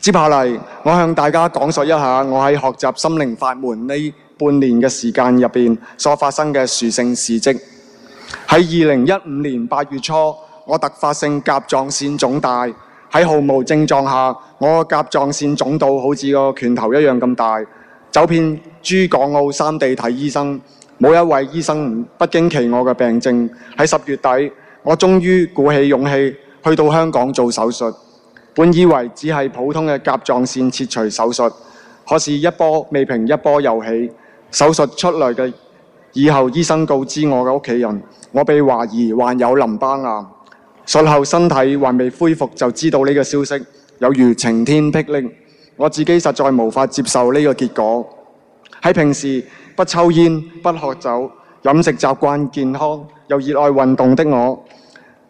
接下嚟，我向大家講述一下我喺學習心靈法門呢半年嘅時間入面所發生嘅殊勝事跡。喺二零一五年八月初，我突發性甲狀腺腫大，喺毫無症狀下，我嘅甲狀腺腫到好似個拳頭一樣咁大，走遍珠港澳三地睇醫生，冇一位醫生不驚奇我嘅病症。喺十月底，我終於鼓起勇氣去到香港做手術。本以為只係普通嘅甲狀腺切除手術，可是，一波未平一波又起。手術出嚟嘅以後，醫生告知我嘅屋企人，我被懷疑患有淋巴癌。術後身體還未恢復，就知道呢個消息，有如晴天霹靂。我自己實在無法接受呢個結果。喺平時不抽煙、不喝酒、飲食習慣健康又熱愛運動嘅我，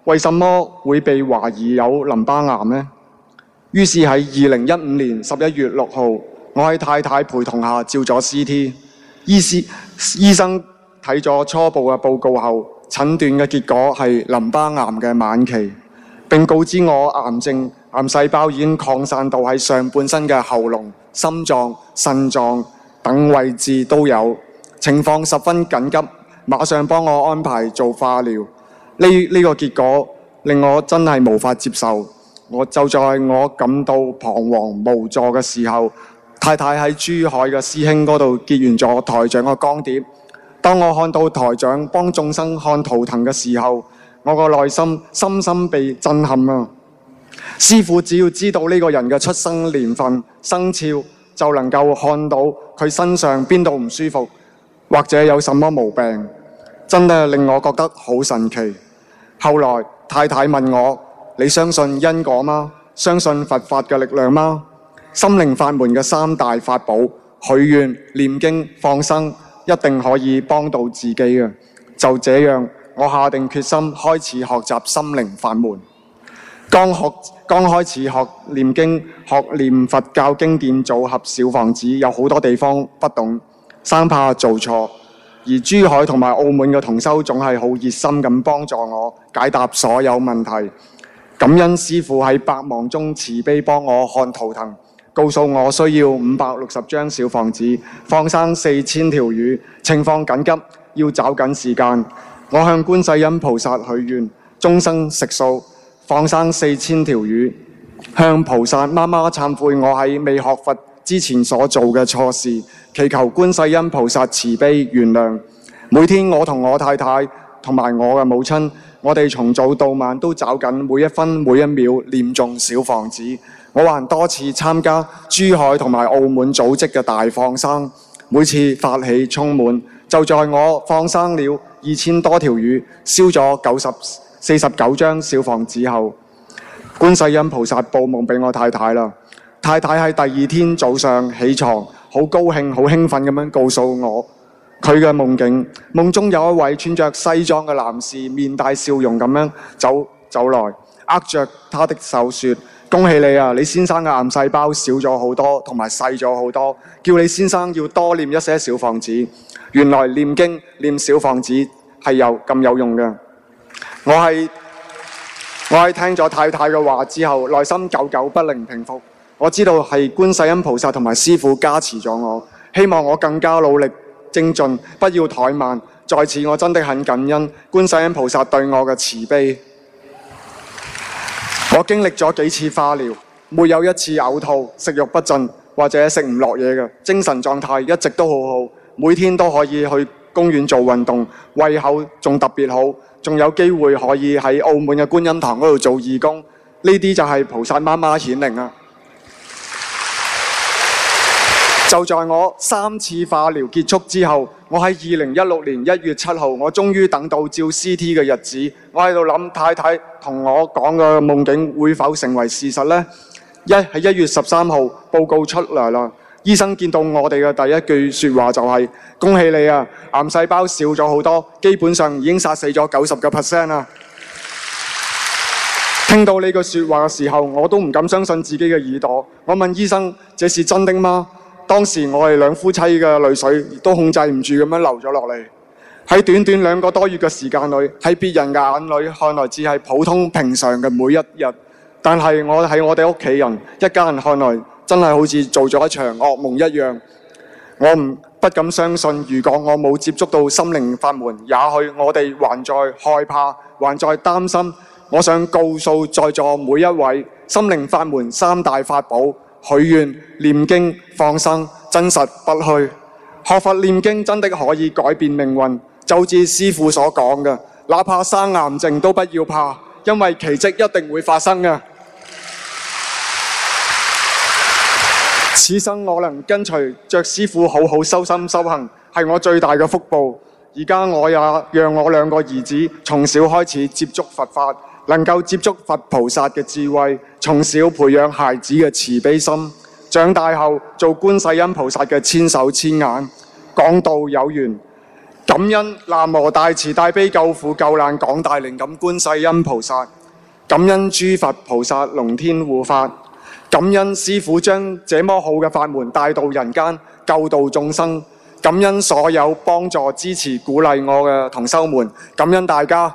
為什麼會被懷疑有淋巴癌呢？於是喺二零一五年十一月六號，我喺太太陪同下照咗 CT，醫師，醫生睇咗初步嘅報告後，診斷嘅結果係淋巴癌嘅晚期，並告知我癌症癌細胞已經擴散到喺上半身嘅喉嚨、心臟、腎臟等位置都有，情況十分緊急，馬上幫我安排做化療。這呢、這個結果令我真係無法接受。我就在我感到彷徨無助嘅時候，太太喺珠海嘅師兄嗰度結緣咗台長嘅光碟。當我看到台長幫眾生看圖騰嘅時候，我個內心深深被震撼啊！師父只要知道呢個人嘅出生年份、生肖，就能夠看到佢身上邊度唔舒服，或者有什麼毛病，真係令我覺得好神奇。後來太太問我。你相信因果嗎？相信佛法嘅力量嗎？心靈法門嘅三大法寶：許願、念經、放生，一定可以幫到自己嘅。就這樣，我下定決心開始學習心靈法門。剛學剛開始學念經，學念佛教經典組合小房子，有好多地方不懂，生怕做錯。而珠海同埋澳門嘅同修仲係好熱心咁幫助我解答所有問題。感恩師父喺百忙中慈悲幫我看圖騰，告訴我需要五百六十張小房子，放生四千條魚，情況緊急，要找緊時間。我向觀世音菩薩許願，終生食素，放生四千條魚，向菩薩媽媽懺悔我喺未學佛之前所做嘅錯事，祈求觀世音菩薩慈悲原諒。每天我同我太太。同埋我嘅母親，我哋從早到晚都找緊每一分每一秒念中小房子。我還多次參加珠海同埋澳門組織嘅大放生，每次發起充滿。就在我放生了二千多條魚，燒咗九十四十九張小房子後，觀世音菩薩報夢俾我太太啦。太太喺第二天早上起床，好高興好興奮咁樣告訴我。佢嘅夢境，夢中有一位穿着西裝嘅男士，面帶笑容咁樣走走來，握着他的手說：恭喜你啊，你先生嘅癌細胞少咗好多，同埋細咗好多，叫你先生要多念一些小房子。原來念經念小房子係有咁有用嘅。我係我係聽咗太太嘅話之後，內心久久不能平復。我知道係觀世音菩薩同埋師父加持咗我，希望我更加努力。精進，不要怠慢。在此，我真的很感恩觀世音菩薩對我嘅慈悲。Yeah. 我經歷咗幾次化療，沒有一次嘔吐、食欲不振或者食唔落嘢嘅，精神狀態一直都好好，每天都可以去公園做運動，胃口仲特別好，仲有機會可以喺澳門嘅觀音堂嗰度做義工，呢啲就係菩薩媽媽顯靈啊！就在我三次化療結束之後，我喺二零一六年一月七號，我終於等到照 C T 嘅日子。我喺度諗，太太同我講嘅夢境會否成為事實呢？一喺一月十三號報告出嚟了。醫生見到我哋嘅第一句說話就是：恭喜你啊，癌細胞少咗好多，基本上已經殺死咗九十個 percent 啦。聽到你句說話嘅時候，我都唔敢相信自己嘅耳朵。我問醫生：這是真的嗎？當時我哋兩夫妻嘅淚水都控制唔住咁樣流咗落嚟。喺短短兩個多月嘅時間裏，喺別人眼裏看來只係普通平常嘅每一日，但係我喺我哋屋企人一家人看來，真係好似做咗一場噩夢一樣。我唔不敢相信，如果我冇接觸到心靈法門，也許我哋還在害怕，還在擔心。我想告訴在座每一位，心靈法門三大法寶。許願、念經、放生，真實不虛。學佛念經真的可以改變命運，就似師傅所講的，哪怕生癌症都不要怕，因為奇蹟一定會發生的。此生我能跟隨着師傅好好修心修行，係我最大嘅福報。而家我也讓我兩個兒子從小開始接觸佛法。能夠接觸佛菩薩嘅智慧，從小培養孩子嘅慈悲心，長大後做觀世音菩薩嘅千手千眼，講道有緣，感恩南無大慈大悲救苦救難廣大靈感觀世音菩薩，感恩諸佛菩薩龍天護法，感恩師父將這麼好嘅法門帶到人間救度眾生，感恩所有幫助支持鼓勵我嘅同修們，感恩大家。